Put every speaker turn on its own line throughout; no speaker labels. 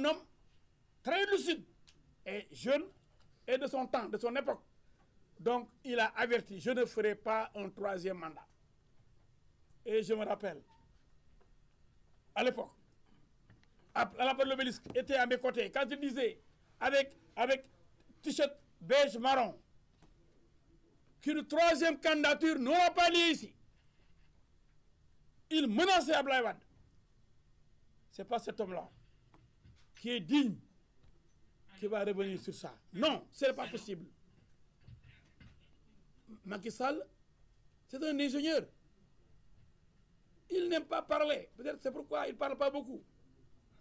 un homme très lucide et jeune et de son temps, de son époque. Donc, il a averti, je ne ferai pas un troisième mandat. Et je me rappelle, à l'époque, à l'appel de l'obélisque, était à mes côtés. Quand je disais, avec, avec beige marron, qu'une troisième candidature n'aura pas lieu ici, il menaçait Ablaïwad. Ce n'est pas cet homme-là. qui est digne, qui va revenir sur ça. Non, ce n'est pas possible. Macky Sall, c'est un ingénieur. Il n'aime pas parler. Peut-être c'est pourquoi il ne parle pas beaucoup.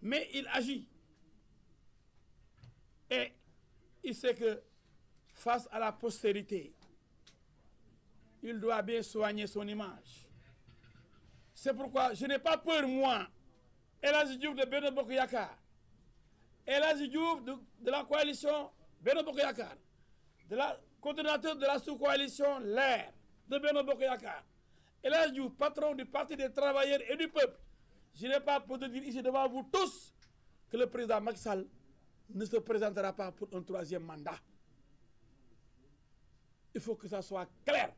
Mais il agit. Et il sait que face à la postérité, il doit bien soigner son image. C'est pourquoi je n'ai pas peur, moi, et là, je dis de Benoît Bokoyaka, El Hadji Diouf de, la coalition Benno Bokk Yakaar de la coordonnateur de la sous-coalition LAIR de Benno Bokk Yakaar El Hadji patron du parti des travailleurs et du peuple je n'ai pas peur de dire ici devant vous tous que le président Macky ne se présentera pas pour un troisième mandat il faut que ça soit clair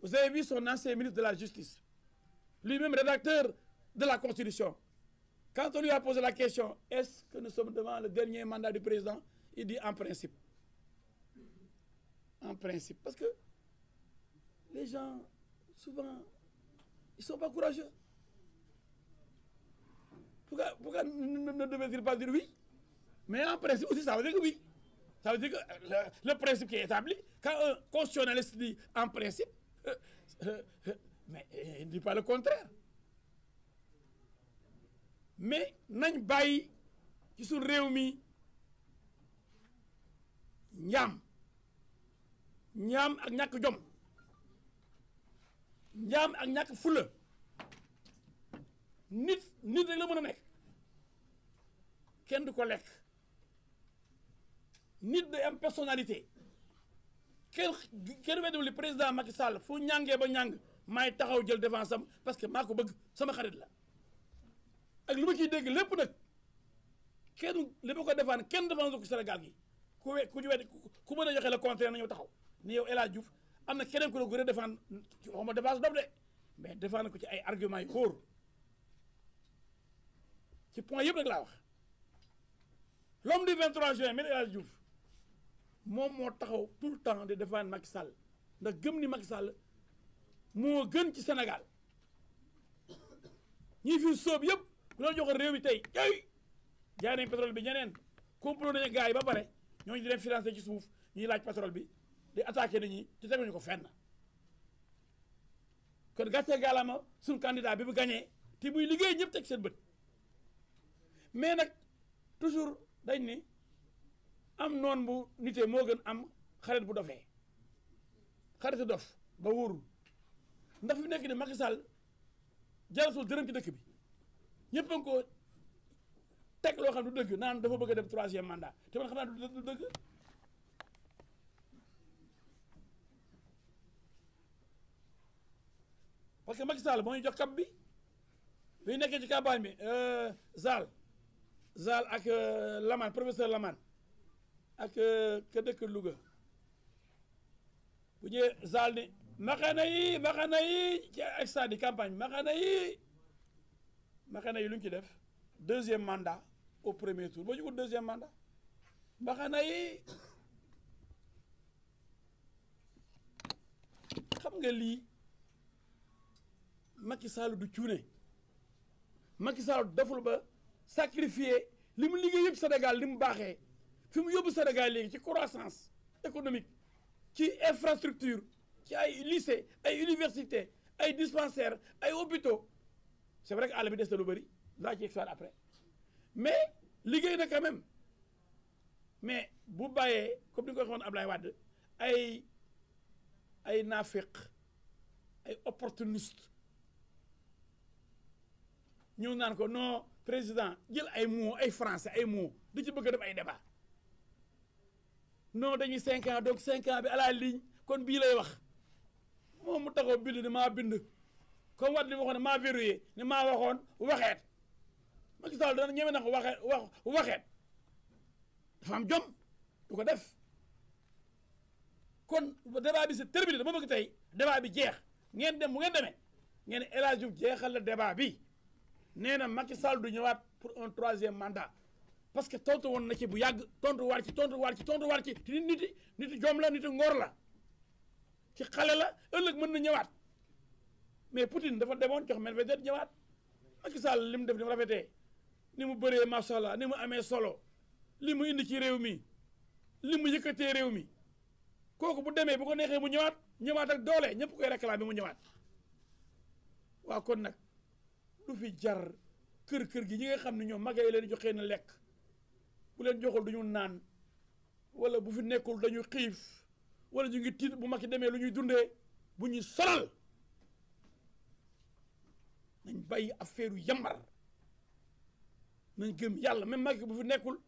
vous avez vu son ancien ministre de la justice lui-même rédacteur de la constitution Quand on lui a posé la question, est-ce que nous sommes devant le dernier mandat du président en principe. En principe. Parce que les gens, souvent, ils sont pas courageux. Pourquoi, pourquoi ne devait-il pas dire oui Mais en principe aussi, dire que oui. Ça dire que le, principe qui est établi, quand un en principe, euh, euh, euh, mais il ne pas le contraire. mais nañ bàyyi ci suñ réew mi njaam ñaam ak ñàkk jom njaam ak ñàkk fulla nit nit rek la mën a nekk kenn du ko lekk nit day am personnalité kenn kenn weddul li président Macky Sall fu ñàngee ba ñàng maay taxaw jël défense am parce que maa ko bëgg sama xarit la ak lu ma ciy dégg lépp nag kenn li ma ko defaan kenn defaan ko Sénégal gi ku we ku ci wet ku mën a joxe le contraire na ñëw taxaw ni yow El Hadj Diouf am na keneen ku la gën a defaan ci waxuma défense dob de mais defaan ko ci ay argument yu wóor ci point yëpp nag laa wax l'homme du 23 juin mel El moom moo taxaw tout le temps di défendre Macky Sall ndax gëm ni Macky Sall moo gën ci Sénégal ñi fi sóob yëpp ku doon joxoon réew mi tey yooyu jaay nañ bi ñeneen complot nañu gars yi ba pare ñoo di leen ci suuf ñuy laaj pétrole bi di attaqué nit ñi te teguñu ko fenn. kon gàcce gàllaama suñu candidat bi bu gañee te buy liggéey ñëpp teg seen bët mais nag toujours dañ ni am noon bu nitee moo gën am xarit bu dofee xaritu dof ba wóorul ndax fi nekk nii Macky Sall jaratul dërëm ci dëkk bi. ñëpp a ngi ko teg loo xam du dëgg naan dafa bëgg a dem troisième mandat te man xam naa du dëgg parce que Macky Sall moo ñu jox cap bi bi ñu nekkee ci campagne bi euh, Zal Zal ak euh, Lamane professeur Lamane ak euh, ka dëkk Louga bu ñëwee Zal ni maxana yi maxana yi ci stade campagne bi maxana yi mbaxana yi lu ñu ci def deuxième manda au premier tour ba ñu ut deuxième mandat mbaxana yi xam nga lii Macky Sall du cuune Macky Sall deful ba sacrifier li mu liggéey yëpp Sénégal li mu baaxee fi mu yobbu Sénégal léegi ci croissance économique ci infrastructure ci ay lycée ay université ay dispensaires ay hôpitaux c'est vrai que àll bi des na lu bëri laa ci histoire après mais liggéey na quand mais bu bàyyee comme ni nga ko waxoon Ablaye Wade ay ay naafeq ay opportuniste ñëw naan ko noo président jël ay mots ay français ay mots di ci bëgg a ay débat noo dañuy cinq donc cinq ans bi à la kon bii lay wax moom mu taxaw bind ni maa bind. comme wat li ma waxoon maa verrouillé ne maa waxoon waxeet Macky Sall dana ñeme na ko waxe wax waxeet dafa jom du ko def kon débat bi c'est ma dama tey débat jeex ngeen dem bu ngeen demee ngeen ne El Hadj Diouf jeexal la débat bi nee na Macky Sall ñëwaat pour un troisième manda parce que tontu woon na ci bu yàgg tontu war ci tontu war ci tontu war ci te nit nit nit jom la nit ngor la ci xale la ëllëg mën na ñëwaat. mais Poutine dafa demoon jox Medvedev ñëwaat Macky Sall li mu def ni mu rafetee ni mu bëree macha allah ni mu amee solo li mu indi ci réew mi li mu yëkkatee réew mi kooku bu demee bu ko neexee mu ñëwaat ñëwaat ak doole ñëpp koy réclamer mu ñëwaat waa kon nag du fi jar kër-kër gi ñi nga xam ne ñoom magay leen joxee na lekk bu leen joxul duñu naan walla bu fi nekkul dañu xiif wala ñu ngi tiit bu mag yi demee lu ñuy dundee bu ñuy solal nañ bàyyi affaire yambar nañ gëm yàlla même Macky bu fi nekkul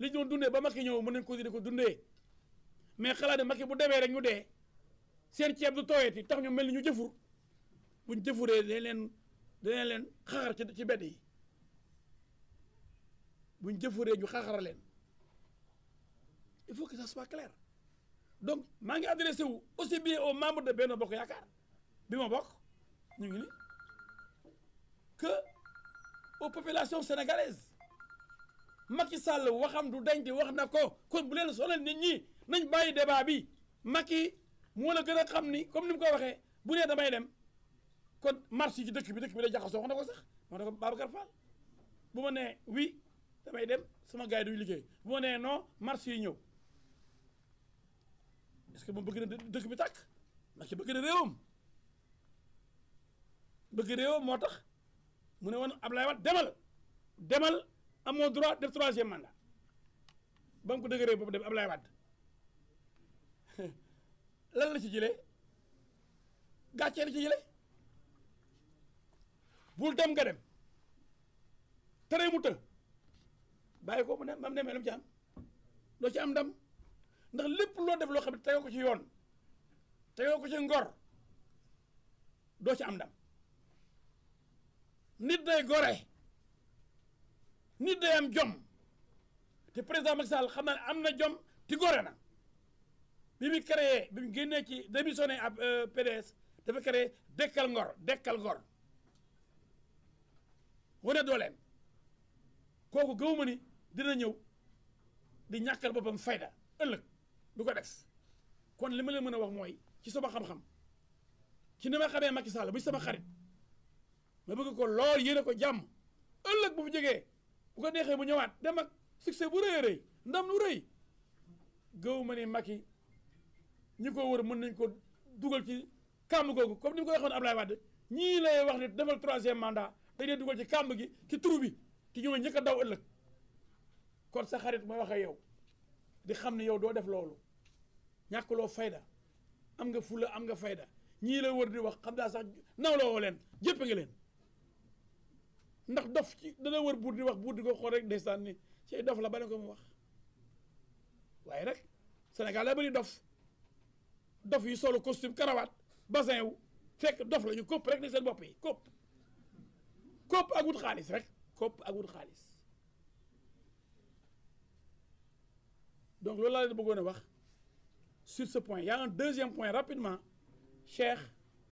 li doon dundee ba Macky ñëw mën nañ ko di ko dundee mais xalaat ne Macky bu demee rek ñu dee seen ceeb du tooyeeti tax ñu mel ni ñu jëfur buñ jëfuree dañ leen dañ leen xaxar ci ci bedd yi buñ jëfuree ñu xaxar leen il faut que ça soit clair donc maa ngi adressé wu aussi bien aux membres de benn Bokk Yaakaar bi ma bokk ñu ngi ni que aux populations sénégalaises Macky Sall waxam du dañ di wax na ko kon bu leen sonal ñi nañ bàyyi débat bi Macky moo la gën a xam ni comme ni mu ko waxee bu nee damay dem kon marche yi ci dëkk bi dëkk bi day jaxasoo wax na ko sax wax na ko Babacar Fall bu ma ne oui damay dem sama gars yi duñu liggéey bu ma nee non marche yi ñëw parce que moom bëgg dëkk bi tàkk Macky bëgg na réewam bëgg réewam moo tax. mu ne woon Ablaye Wade demal demal amoo droit def troisième mandat ba mu ko dëgëree boobu dem Ablaye Wade lan la ci jëlee gàccee la ci jëlee bul dem nga dem tere mu të ko mu ne mam demee ci am loo ci am ndam ndax lépp loo def loo xam ne tegoo ko ci yoon tegoo ko ci ngor doo ci am ndam nit day gore nit day am jom te président Macky Sall xam naa ne am na jom ti gore na bi mu créé bi mu génnee ci démissionné ab euh, PDS dafa créé dekkal ngor dekkal ngor wane dooleem kooku gëwuma ni dina ñëw di ñàkkal boppam fayda ëllëg du ko def kon li ma leen mën a wax mooy ci sama xam-xam ci ni ma xamee Macky Sall bu sama xarit ma bëgg ko lool yéene ko jàmm ëllëg bu mu jógee bu ko neexee mu ñëwaat dem ak succès bu rëy a rëy ndam lu rëy gëw ma ni yi ñu ko wër mën nañ ko dugal ci kàmb googu comme ni mu koy waxoon Ablaye Wade ñii lay wax ne defal troisième mandat dañ leen dugal ci kàmb gi ci trou bi te ñoom ñëkk a kon sa xarit ma wax yow di xam ne yow doo def loolu ñàkkuloo fayda am nga fula am nga fayda ñii la wër di wax xam daa sax nawloo leen jëpp nga leen. ndax dof ci dana wër buur di wax buur di ko xool rek ndeysaan ni ci dof la ba ne ko mu wax waaye nag Sénégal la bëri dof dof yi solo costume karawaat basin wu fekk dof lañu ñu rek ne seen bopp yi kópp kópp ak wut xaalis rek kópp ak wut xaalis donc loolu laa leen bëggoon wax sur ce point y a un deuxième point rapidement Cheikh